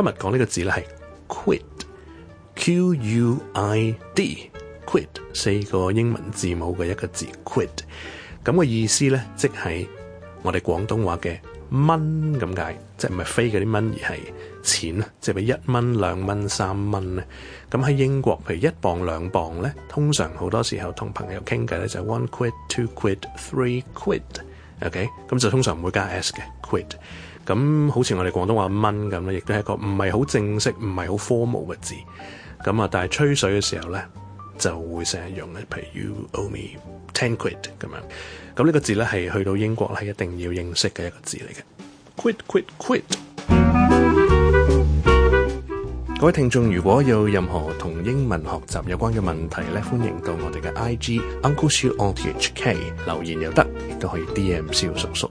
今日講呢個字咧係 quid，Q U I D，quid 四個英文字母嘅一個字，quid 咁嘅意思咧，即係我哋廣東話嘅蚊咁解，即係唔係飛嗰啲蚊，而係錢啊，即係畀一蚊、兩蚊、三蚊咧。咁喺英國，譬如一磅、兩磅咧，通常好多時候同朋友傾偈咧就係、one quid，two quid，three quid。OK，咁就通常唔會加 S 嘅，quid。咁好似我哋廣東話蚊咁咧，亦都係一個唔係好正式、唔係好 formal 嘅字。咁啊，但係吹水嘅時候咧，就會成日用嘅，譬如 You owe me ten quid 咁樣。咁呢個字咧係去到英國咧一定要認識嘅一個字嚟嘅。Quid, quid, quid。各位聽眾如果有任何同英文學習有關嘅問題咧，歡迎到我哋嘅 IG Uncle Shiu on HK 留言又得。都可以 D.M. 小叔叔。